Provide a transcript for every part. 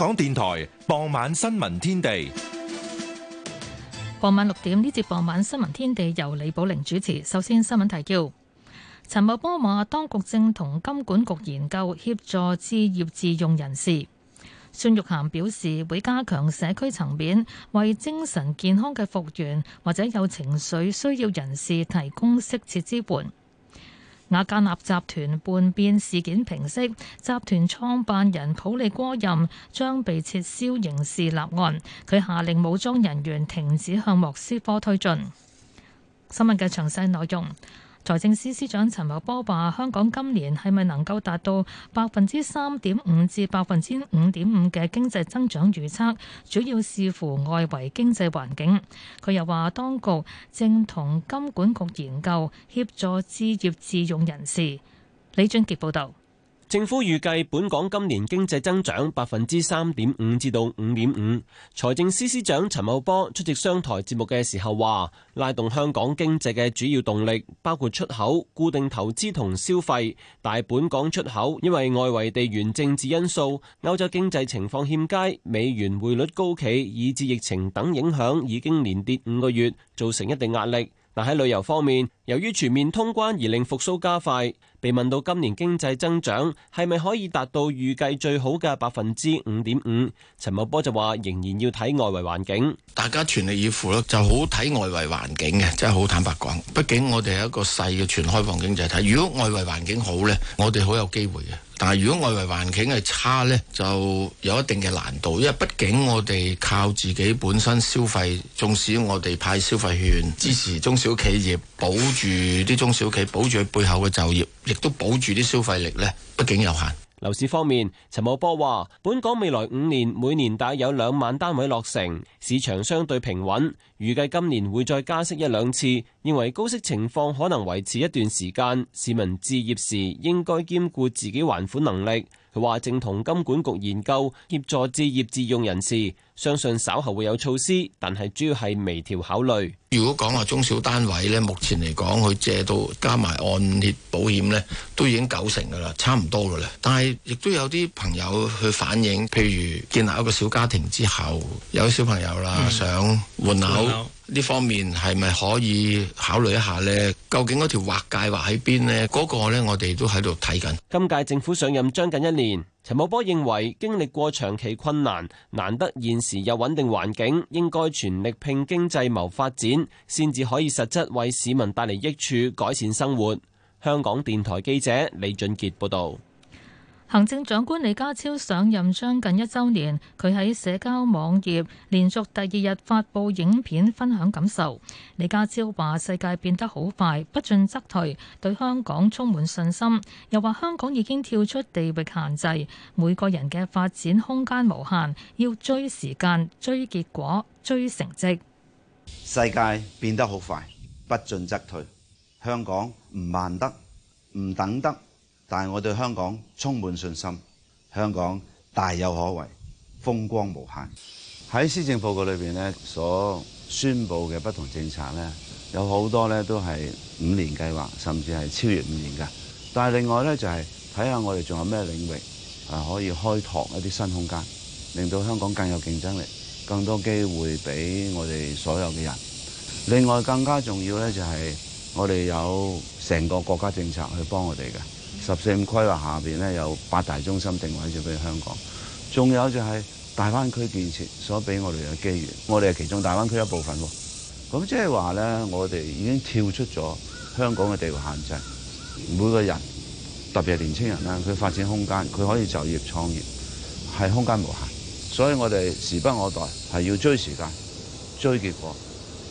香港電台傍晚新聞天地，傍晚六點呢節傍晚新聞天地由李寶玲主持。首先新，新聞提要：陳茂波話，當局正同金管局研究協助置業自用人士。孫玉涵表示，會加強社區層面，為精神健康嘅復原或者有情緒需要人士提供適切支援。雅加納集團叛變事件平息，集團創辦人普利戈任將被撤銷刑事立案，佢下令武裝人員停止向莫斯科推進。新聞嘅詳細內容。財政司司長陳茂波話：香港今年係咪能夠達到百分之三點五至百分之五點五嘅經濟增長預測，主要視乎外圍經濟環境。佢又話，當局正同金管局研究協助置業自用人士。李俊傑報導。政府預計本港今年經濟增長百分之三點五至到五點五。財政司司長陳茂波出席商台節目嘅時候話，拉動香港經濟嘅主要動力包括出口、固定投資同消費。但本港出口因為外圍地緣政治因素、歐洲經濟情況欠佳、美元匯率高企以至疫情等影響，已經連跌五個月，造成一定壓力。但喺旅遊方面，由於全面通關而令復甦加快。被問到今年經濟增長係咪可以達到預計最好嘅百分之五點五，陳茂波就話仍然要睇外圍環境，大家全力以赴咯，就好睇外圍環境嘅，真係好坦白講。畢竟我哋係一個細嘅全開放經濟體，如果外圍環境好呢，我哋好有機會嘅。但係如果外圍環境係差呢，就有一定嘅難度，因為畢竟我哋靠自己本身消費，縱使我哋派消費券支持中小企業，保住啲中小企，保住背後嘅就業。亦都保住啲消費力呢，畢竟有限。樓市方面，陳茂波話：本港未來五年每年大約有兩萬單位落成，市場相對平穩。預計今年會再加息一兩次，認為高息情況可能維持一段時間。市民置業時應該兼顧自己還款能力。佢話正同金管局研究協助置業自用人士，相信稍後會有措施，但係主要係微調考慮。如果講話中小單位呢，目前嚟講，佢借到加埋按揭保險呢，都已經九成噶啦，差唔多噶啦。但係亦都有啲朋友去反映，譬如建立一個小家庭之後有小朋友啦，嗯、想換樓。換呢方面係咪可以考慮一下呢？究竟嗰條劃界劃喺邊呢？嗰、那個呢，我哋都喺度睇緊。今屆政府上任將近一年，陳茂波認為經歷過長期困難，難得現時有穩定環境，應該全力拼經濟謀發展，先至可以實質為市民帶嚟益處，改善生活。香港電台記者李俊傑報道。行政長官李家超上任將近一週年，佢喺社交網頁連續第二日發布影片分享感受。李家超話：世界變得好快，不進則退，對香港充滿信心。又話香港已經跳出地域限制，每個人嘅發展空間無限，要追時間、追結果、追成績。世界變得好快，不進則退，香港唔慢得，唔等得。但係我對香港充滿信心，香港大有可為，風光無限。喺施政報告裏邊咧，所宣布嘅不同政策咧，有好多咧都係五年計劃，甚至係超越五年噶。但係另外咧，就係睇下我哋仲有咩領域啊可以開拓一啲新空間，令到香港更有競爭力，更多機會俾我哋所有嘅人。另外更加重要咧，就係我哋有成個國家政策去幫我哋嘅。十四五規劃下邊咧，有八大中心定位，就俾香港。仲有就係大灣區建設所俾我哋嘅機遇，我哋係其中大灣區一部分。咁即係話咧，我哋已經跳出咗香港嘅地域限制。每個人特別係年青人啦，佢發展空間，佢可以就業創業，係空間無限，所以我哋時不我待係要追時間追結果，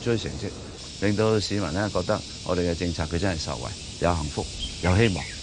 追成績，令到市民咧覺得我哋嘅政策佢真係受惠有幸福有希望。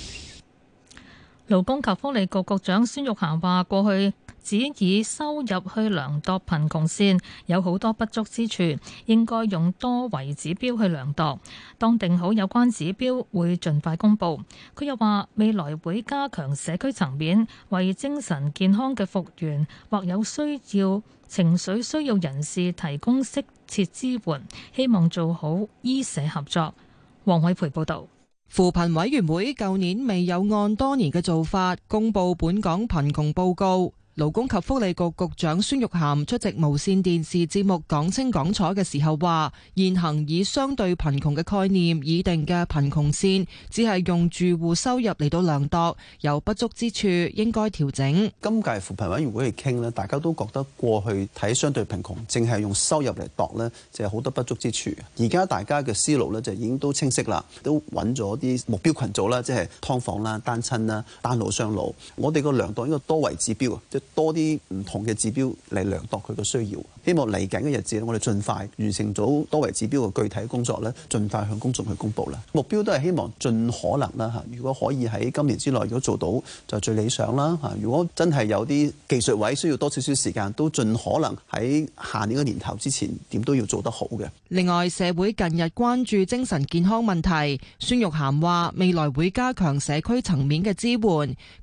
勞工及福利局局、局長孫玉菡話：過去只以收入去量度貧窮線，有好多不足之處，應該用多維指標去量度。當定好有關指標，會盡快公佈。佢又話：未來會加強社區層面為精神健康嘅復原或有需要情緒需要人士提供適切支援，希望做好醫社合作。王偉培報導。扶貧委員會舊年未有按多年嘅做法公布本港貧窮報告。勞工及福利局局，局長孫玉菡出席無線電視節目，講清講楚嘅時候話：現行以相對貧窮嘅概念擬定嘅貧窮線，只係用住戶收入嚟到量度，有不足之處，應該調整今屆。今屆扶貧委員會去傾呢，大家都覺得過去睇相對貧窮，淨係用收入嚟度呢就係、是、好多不足之處。而家大家嘅思路呢，就已經都清晰啦，都揾咗啲目標群組啦，即係劏房啦、單親啦、單老雙老。我哋個量度應該多維指標，多啲唔同嘅指標嚟量度佢嘅需要，希望嚟緊嘅日子我哋盡快完成咗多維指標嘅具體工作咧，盡快向公眾去公布啦。目標都係希望盡可能啦吓，如果可以喺今年之內如果做到就最理想啦吓，如果真係有啲技術位需要多少少時間，都盡可能喺下年嘅年頭之前，點都要做得好嘅。另外，社會近日關注精神健康問題，孫玉菡話未來會加強社區層面嘅支援。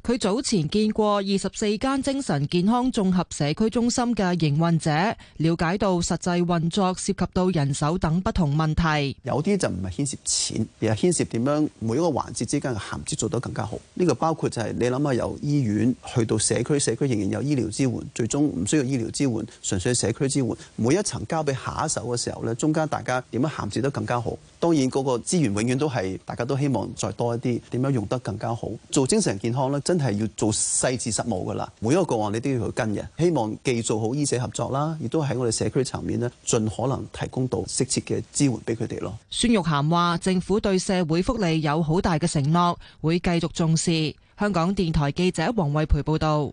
佢早前見過二十四間精神。健康綜合社區中心嘅營運者，了解到實際運作涉及到人手等不同問題，有啲就唔係牽涉錢，而係牽涉點樣每一個環節之間嘅銜接做得更加好。呢個包括就係你諗下由醫院去到社區，社區仍然有醫療支援，最終唔需要醫療支援，純粹社區支援，每一層交俾下一手嘅時候咧，中間大家點樣銜接得更加好。當然嗰個資源永遠都係大家都希望再多一啲，點樣用得更加好。做精神健康咧，真係要做細致實務噶啦，每一個個。你都要去跟嘅，希望既做好醫社合作啦，亦都喺我哋社區層面呢，盡可能提供到適切嘅支援俾佢哋咯。孫玉菡話：政府對社會福利有好大嘅承諾，會繼續重視。香港電台記者黃惠培報道。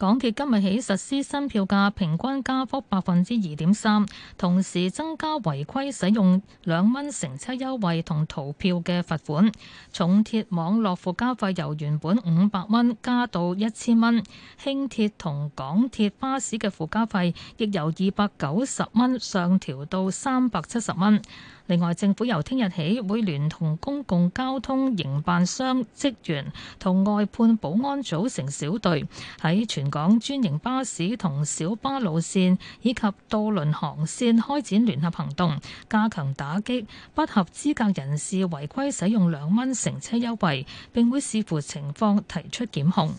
港鐵今日起實施新票價，平均加幅百分之二點三，同時增加違規使用兩蚊乘車優惠同逃票嘅罰款。重鐵網絡附加費由原本五百蚊加到一千蚊，輕鐵同港鐵巴士嘅附加費亦由二百九十蚊上調到三百七十蚊。另外，政府由聽日起會聯同公共交通營辦商職員同外判保安組成小隊，喺全港專營巴士同小巴路線以及渡輪航線開展聯合行動，加強打擊不合資格人士違規使用兩蚊乘車優惠，並會視乎情況提出檢控。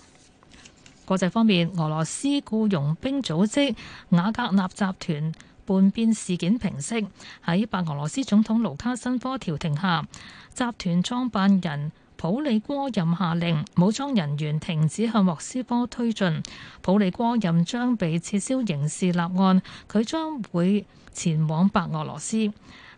國際方面，俄羅斯僱傭兵組織瓦格納集團叛變事件平息，喺白俄羅斯總統盧卡申科調停下，集團創辦人普里戈任下令武裝人員停止向莫斯科推進，普里戈任將被撤銷刑事立案，佢將會前往白俄羅斯。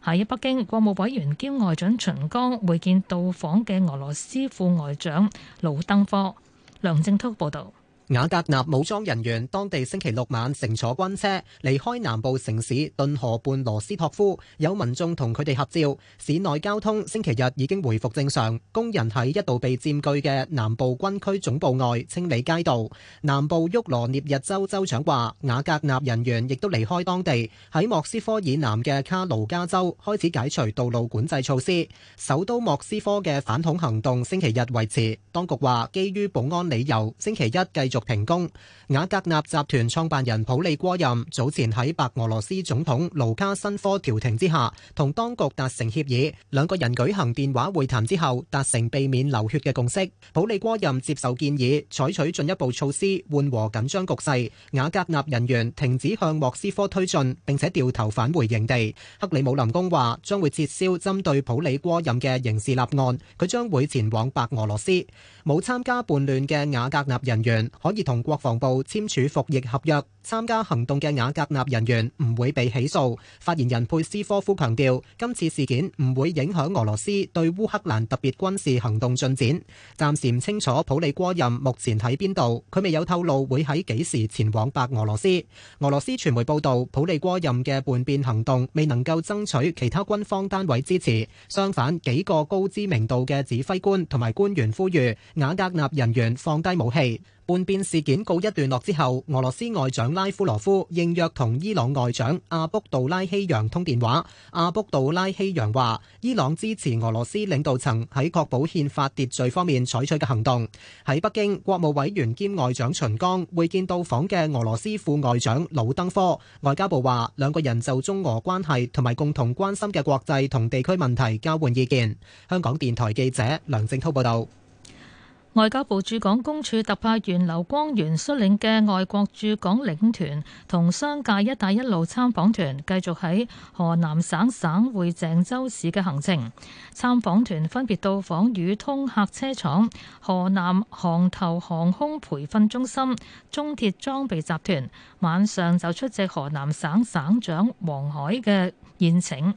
喺北京，國務委員兼外長秦剛會見到訪嘅俄羅斯副外長盧登科。梁正濤報道。雅格納武裝人員當地星期六晚乘坐軍車離開南部城市頓河畔羅斯托夫，有民眾同佢哋合照。市內交通星期日已經回復正常，工人喺一度被佔據嘅南部軍區總部外清理街道。南部沃羅涅日州州長話，瓦格納人員亦都離開當地。喺莫斯科以南嘅卡盧加州開始解除道路管制措施。首都莫斯科嘅反恐行動星期日維持，當局話基於保安理由，星期一繼續停工。雅格納集團創辦人普利戈任早前喺白俄羅斯總統盧卡申科調停之下，同當局達成協議。兩個人舉行電話會談之後，達成避免流血嘅共識。普利戈任接受建議，採取進一步措施緩和緊張局勢。雅格納人員停止向莫斯科推進，並且掉頭返回營地。克里姆林宮話將會撤銷針對普利戈任嘅刑事立案，佢將會前往白俄羅斯。冇參加叛亂嘅雅格納人員。可以同國防部簽署服役合約，參加行動嘅瓦格納人員唔會被起訴。發言人佩斯科夫強調，今次事件唔會影響俄羅斯對烏克蘭特別軍事行動進展。暫時唔清楚普利戈任目前喺邊度，佢未有透露會喺幾時前往白俄羅斯。俄羅斯傳媒報導，普利戈任嘅叛變行動未能夠爭取其他軍方單位支持，相反幾個高知名度嘅指揮官同埋官員呼籲瓦格納人員放低武器。叛變事件告一段落之後，俄羅斯外長拉夫羅夫應約同伊朗外長阿卜杜拉希揚通電話。阿卜杜拉希揚話伊朗支持俄羅斯領導層喺確保憲法秩序方面採取嘅行動。喺北京，國務委員兼外長秦剛會見到訪嘅俄羅斯副外長魯登科。外交部話兩個人就中俄關係同埋共同關心嘅國際同地區問題交換意見。香港電台記者梁正濤報道。外交部駐港公署特派員劉光源率領嘅外國駐港領團同商界“一帶一路”參訪團繼續喺河南省省會鄭州市嘅行程。參訪團分別到訪宇通客車廠、河南航投航空培訓中心、中鐵裝備集團，晚上就出席河南省省，省長黃海嘅宴請，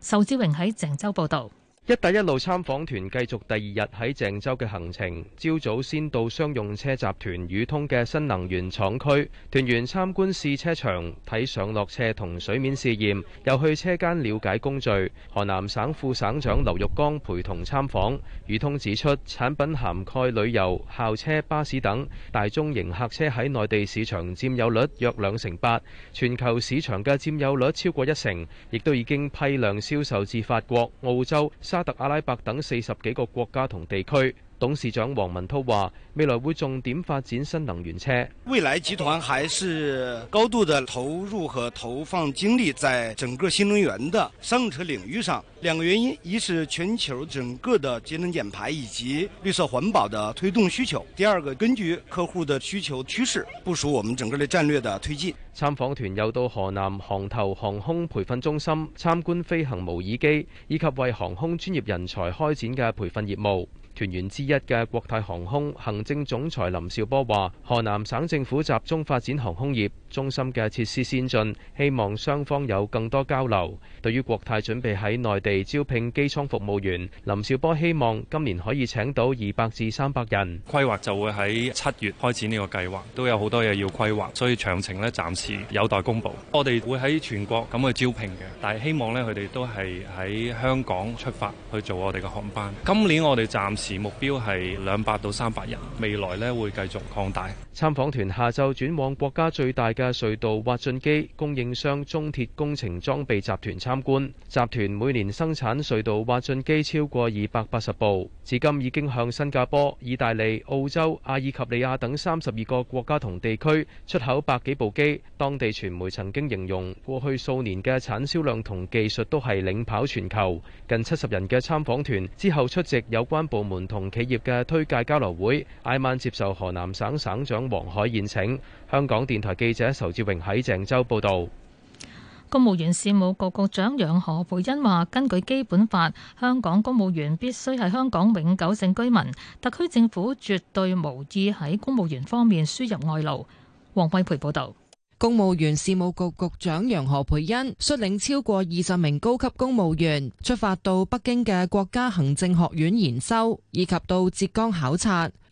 仇志榮喺鄭州報道。一帶一路參訪團繼續第二日喺鄭州嘅行程，朝早先到商用車集團宇通嘅新能源廠區，團員參觀試車場，睇上落車同水面試驗，又去車間了解工序。河南省副省長劉玉剛陪同參訪。宇通指出，產品涵蓋旅遊、校車、巴士等大中型客車喺內地市場佔有率約兩成八，全球市場嘅佔有率超過一成，亦都已經批量銷售至法國、澳洲、沙特阿拉伯等四十幾個國家同地區。董事長黃文濤話，未來會重點發展新能源車航航。未來集團還是高度的投入和投放精力在整個新能源的商用車領域上。兩個原因，一是全球整個的節能減排以及綠色環保的推動需求；第二個根據客戶的需求趨勢部署我們整個的戰略的推進。參訪團又到河南航投航空培訓中心參觀飛行模擬機，以及為航空專業人才開展嘅培訓業務。團員之一嘅國泰航空行政總裁林紹波話：河南省政府集中發展航空業中心嘅設施先進，希望雙方有更多交流。對於國泰準備喺內地招聘機艙服務員，林紹波希望今年可以請到二百至三百人。規劃就會喺七月開始呢個計劃，都有好多嘢要規劃，所以詳情咧暫時有待公佈。我哋會喺全國咁去招聘嘅，但係希望佢哋都係喺香港出發去做我哋嘅航班。今年我哋暫時目標係兩百到三百人，未來呢會繼續擴大。參訪團下晝轉往國家最大嘅隧道挖進機供應商中鐵工程裝備集團參觀。集團每年生產隧道挖進機超過二百八十部，至今已經向新加坡、意大利、澳洲、阿爾及利亞等三十二個國家同地區出口百幾部機。當地傳媒曾經形容過去數年嘅產銷量同技術都係領跑全球。近七十人嘅參訪團之後出席有關部門同企業嘅推介交流會，挨晚接受河南省省長黃海宴請。香港電台記者仇志榮喺鄭州報導。公務員事務局局長楊何蓓茵話：根據基本法，香港公務員必須係香港永久性居民。特區政府絕對無意喺公務員方面輸入外勞。黃惠培報導。公務員事務局局長楊何培恩率領超過二十名高級公務員出發到北京嘅國家行政學院研修，以及到浙江考察。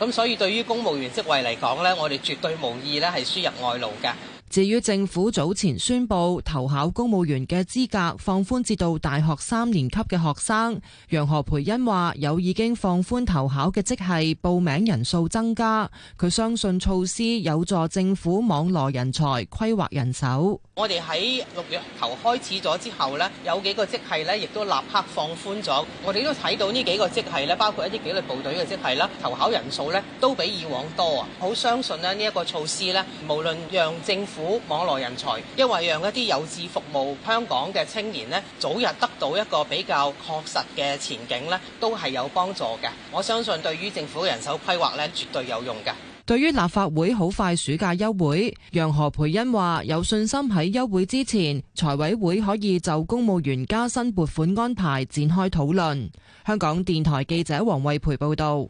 咁所以對於公務員職位嚟講，呢我哋絕對無意呢係輸入外勞㗎。至於政府早前宣布投考公務員嘅資格放寬至到大學三年級嘅學生，楊何培恩話有已經放寬投考嘅職系，報名人數增加，佢相信措施有助政府網絡人才、規劃人手。我哋喺六月頭開始咗之後呢，有幾個職系呢亦都立刻放寬咗。我哋都睇到呢幾個職系呢包括一啲紀律部隊嘅職系啦，投考人數呢都比以往多啊！好相信呢呢一個措施呢，無論讓政府網羅人才，因為讓一啲有志服務香港嘅青年呢早日得到一個比較確實嘅前景呢都係有幫助嘅。我相信對於政府嘅人手規劃呢，絕對有用嘅。對於立法會好快暑假休會，楊何培恩話有信心喺休會之前，財委會可以就公務員加薪撥款安排展開討論。香港電台記者黃慧培報道。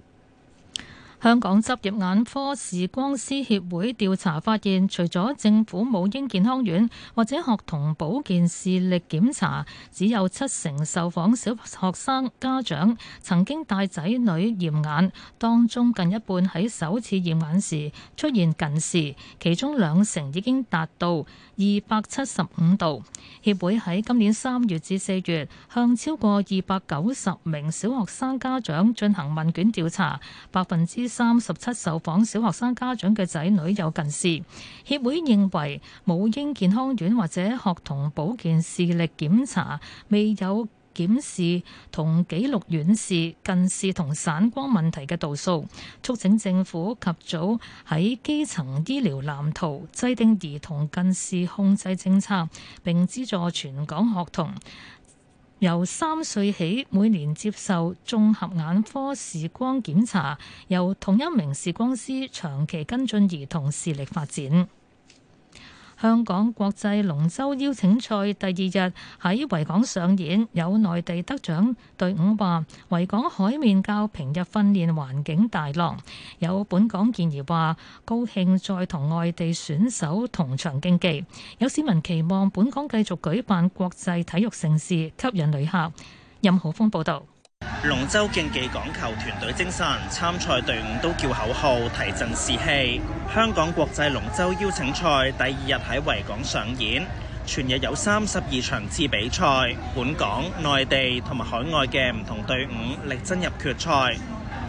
香港執業眼科視光師協會調查發現，除咗政府母嬰健康院或者學童保健視力檢查，只有七成受訪小學生家長曾經帶仔女驗眼，當中近一半喺首次驗眼時出現近視，其中兩成已經達到二百七十五度。協會喺今年三月至四月向超過二百九十名小學生家長進行問卷調查，百分之。三十七受訪小學生家長嘅仔女有近視。協會認為母嬰健康院或者學童保健視力檢查未有檢視同紀錄遠視、近視同散光問題嘅度數，促請政府及早喺基層醫療藍圖制定兒童近視控制政策，並資助全港學童。由三歲起，每年接受綜合眼科視光檢查，由同一名視光師長期跟進兒童視力發展。香港國際龍舟邀請賽第二日喺維港上演，有內地得獎隊伍話維港海面較平日訓練環境大浪，有本港健兒話高興再同外地選手同場競技，有市民期望本港繼續舉辦國際體育盛事，吸引旅客。任浩峰報導。龍舟競技講求團隊精神，參賽隊伍都叫口號，提振士氣。香港國際龍舟邀請賽第二日喺維港上演，全日有三十二場次比賽，本港、內地同埋海外嘅唔同隊伍力爭入決賽。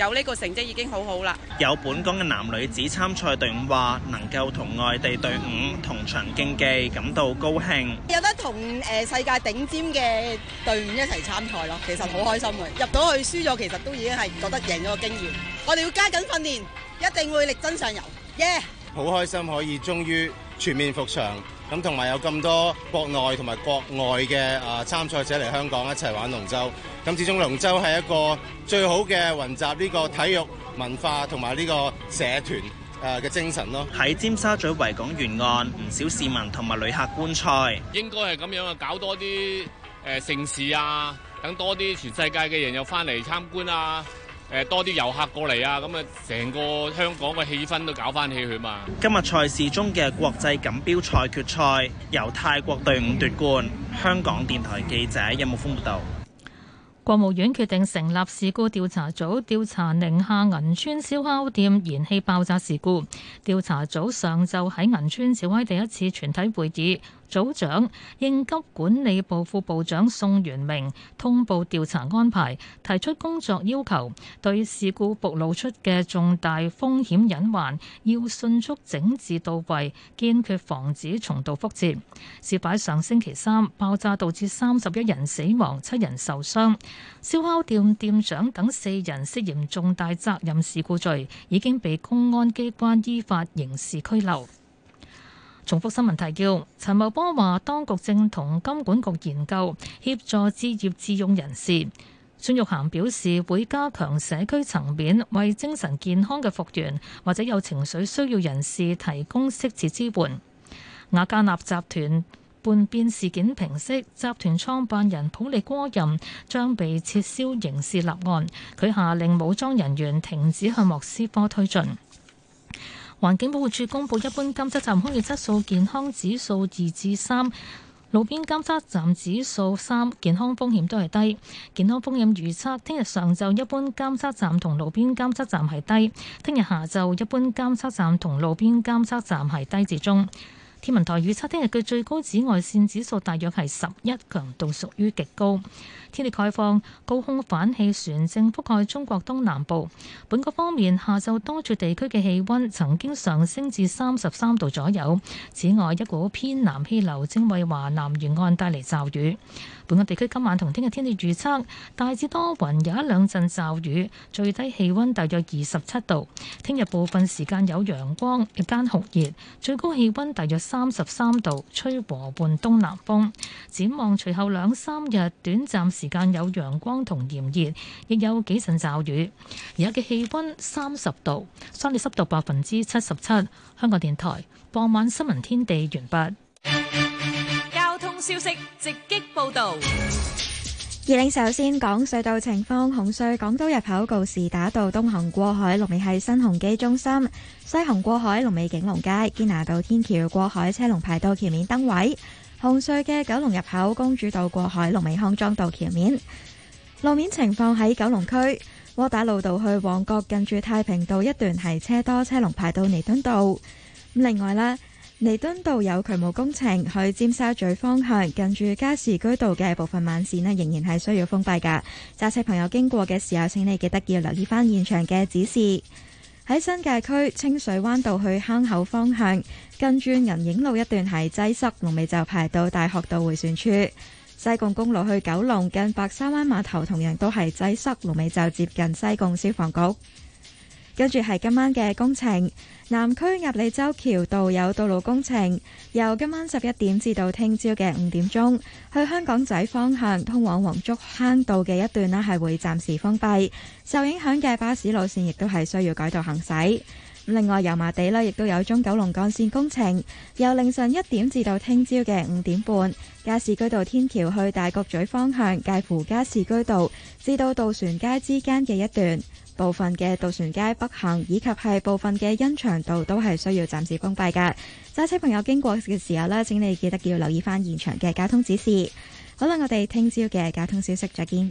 有呢個成績已經好好啦。有本港嘅男女子參賽隊伍話能夠同外地隊伍同場競技，感到高興。有得同世界頂尖嘅隊伍一齊參賽咯，其實好開心嘅。入到去輸咗，其實都已經係覺得贏咗個經驗。我哋要加緊訓練，一定會力爭上游。耶！好開心可以終於全面復場。咁同埋有咁多國內同埋國外嘅啊參賽者嚟香港一齊玩龍舟，咁始終龍舟係一個最好嘅雲集呢個體育文化同埋呢個社團誒嘅精神咯。喺尖沙咀維港沿岸，唔少市民同埋旅客觀賽。應該係咁樣啊！搞多啲誒盛事啊，等多啲全世界嘅人又翻嚟參觀啊！誒多啲遊客過嚟啊！咁啊，成個香港嘅氣氛都搞翻起佢嘛。今日賽事中嘅國際錦標賽決賽，由泰國隊伍奪冠。香港電台記者任木峰報道。國務院決定成立事故調查組調查寧夏銀川燒烤店燃氣爆炸事故。調查組上晝喺銀川召開第一次全體會議。組長應急管理部副部長宋元明通報調查安排，提出工作要求，對事故暴露出嘅重大風險隱患要迅速整治到位，堅決防止重蹈覆轍。事擺上星期三爆炸導致三十一人死亡，七人受傷，燒烤店店長等四人涉嫌重大責任事故罪，已經被公安機關依法刑事拘留。重複新聞提要。陳茂波話，當局正同金管局研究協助置業自用人士。孫玉菡表示，會加強社區層面為精神健康嘅復原或者有情緒需要人士提供適切支援。亞加納集團叛變事件平息，集團創辦人普利戈任將被撤銷刑事立案。佢下令武裝人員停止向莫斯科推進。環境保護署公布，一般監測站空氣質素健康指數二至三，路邊監測站指數三，健康風險都係低。健康風險預測，聽日上晝一般監測站同路邊監測站係低，聽日下晝一般監測站同路邊監測站係低至中。天文台預測，聽日嘅最高紫外線指數大約係十一，強度屬於極高。天氣概況，高空反氣旋正覆蓋中國東南部。本港方面，下晝多處地區嘅氣温曾經上升至三十三度左右。此外，一股偏南氣流正為華南沿岸帶嚟驟雨。本港地區今晚同聽日天氣預測大致多雲，有一兩陣驟雨，最低氣温大約二十七度。聽日部分時間有陽光，日間酷熱，最高氣温大約三十三度，吹和緩東南風。展望隨後兩三日，短暫時間有陽光同炎熱，亦有幾陣驟雨。而家嘅氣温三十度，相對濕度百分之七十七。香港電台傍晚新聞天地完畢。交通消息直擊報道。二零首先講隧道情況，紅隧港島入口告士打道東行過海，龍尾喺新鴻基中心；西行過海，龍尾景隆街堅拿道天橋過海，車龍排到橋面燈位。紅隧嘅九龍入口公主道過海龍尾康莊道橋面。路面情況喺九龍區，窩打老道去旺角近住太平道一段係車多，車龍排到彌敦道。咁另外啦，彌敦道有渠務工程，去尖沙咀方向，近住加士居道嘅部分慢線仍然係需要封閉噶。揸車朋友經過嘅時候，請你記得要留意翻現場嘅指示。喺新界區，清水灣道去坑口方向，跟住銀影路一段係擠塞，龍尾就排到大學道回旋處。西貢公路去九龍近白沙灣碼頭，同樣都係擠塞，龍尾就接近西貢消防局。跟住係今晚嘅工程，南區鴨脷洲橋道有道路工程，由今晚十一點至到聽朝嘅五點鐘，去香港仔方向通往黃竹坑道嘅一段咧係會暫時封閉，受影響嘅巴士路綫亦都係需要改道行駛。另外油麻地呢亦都有中九龍幹線工程，由凌晨一點至到聽朝嘅五點半，加士居道天橋去大角咀方向，介乎加士居道至到渡船街之間嘅一段，部分嘅渡船街北行以及係部分嘅恩祥道都係需要暫時封閉嘅。揸車朋友經過嘅時候呢，請你記得要留意翻現場嘅交通指示。好啦，我哋聽朝嘅交通消息再見。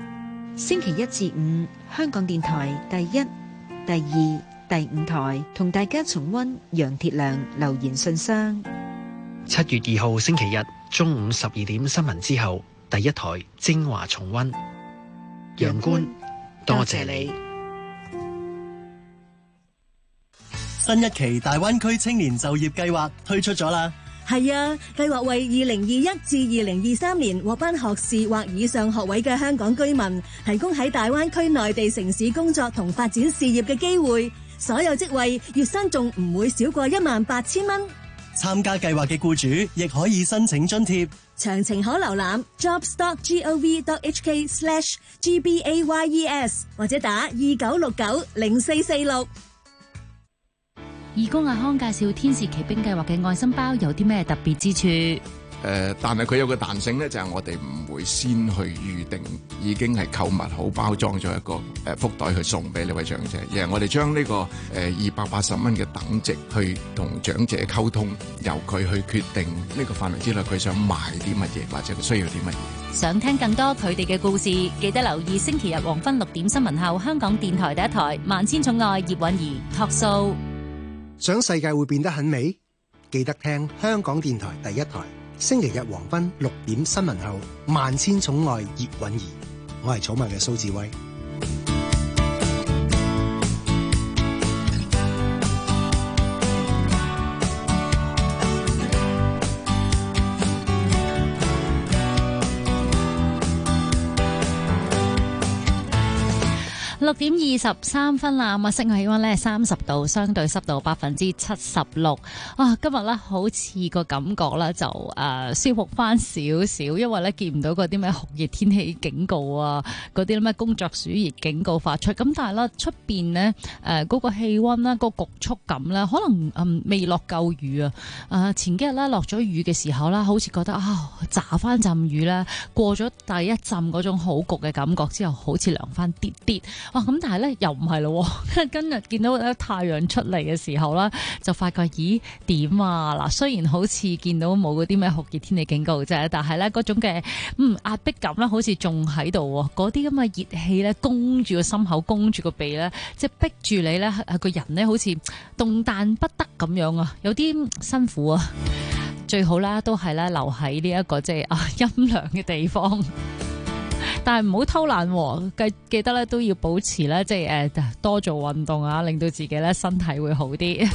星期一至五，香港電台第一、第二、第五台同大家重溫楊鐵良留言信箱。七月二號星期日中午十二點新聞之後，第一台精華重溫。楊官，多謝你。新一期大灣區青年就業計劃推出咗啦。係啊，計劃為2021至2023年獲頒學士或以上學位嘅香港居民，提供喺大灣區內地城市工作同發展事業嘅機會。所有職位月薪仲唔會少過一萬八千蚊。參加計劃嘅雇主亦可以申請津貼。詳情可瀏覽 jobstock.gov.hk/gbayes，或者打二九六九零四四六。義工阿康介紹《天使奇兵計劃》嘅愛心包有啲咩特別之處？誒、呃，但係佢有個彈性咧，就係、是、我哋唔會先去預定已經係購物好包裝咗一個誒福袋去送俾呢位長者。而、就、係、是、我哋將呢個誒二百八十蚊嘅等值去同長者溝通，由佢去決定呢個範圍之內佢想買啲乜嘢或者佢需要啲乜嘢。想聽更多佢哋嘅故事，記得留意星期日黃昏六點新聞後，香港電台第一台《萬千寵愛葉韻儀》托數。想世界會變得很美，記得聽香港電台第一台星期日黃昏六點新聞後萬千寵愛葉蘊儀，我係草蜢嘅蘇志威。六點二十三分啦，咁啊，室外氣溫咧三十度，相對濕度百分之七十六。啊，今日咧好似個感覺呢就誒、呃、舒服翻少少，因為咧見唔到嗰啲咩酷熱天氣警告啊，嗰啲咩工作暑熱警告發出。咁但係啦出邊呢，誒、呃、嗰、嗰個氣溫啦，個焗速感呢，可能未落夠雨啊。啊、呃，前幾日咧落咗雨嘅時候啦，好似覺得啊、呃，炸翻浸雨啦，過咗第一陣嗰種好焗嘅感覺之後好涼，好似涼翻啲啲。咁但係咧又唔係咯，今日見到咧太陽出嚟嘅時候啦，就發覺咦點啊嗱，雖然好似見到冇嗰啲咩酷熱天氣警告啫，但係咧嗰種嘅嗯壓迫感咧，好似仲喺度，嗰啲咁嘅熱氣咧，攻住個心口，攻住個鼻咧，即係逼住你咧，啊個人咧好似動彈不得咁樣啊，有啲辛苦啊，最好咧都係咧留喺呢一個即係啊陰涼嘅地方。但係唔好偷懶，記記得咧都要保持咧，即係誒，多做運動啊，令到自己咧身體會好啲，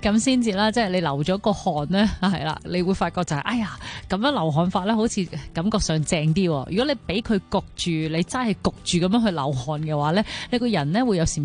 咁先至啦。即係你流咗個汗咧，係啦，你會發覺就係，哎呀，咁樣流汗法咧，好似感覺上正啲。如果你俾佢焗住，你真係焗住咁樣去流汗嘅話咧，你個人咧會有時。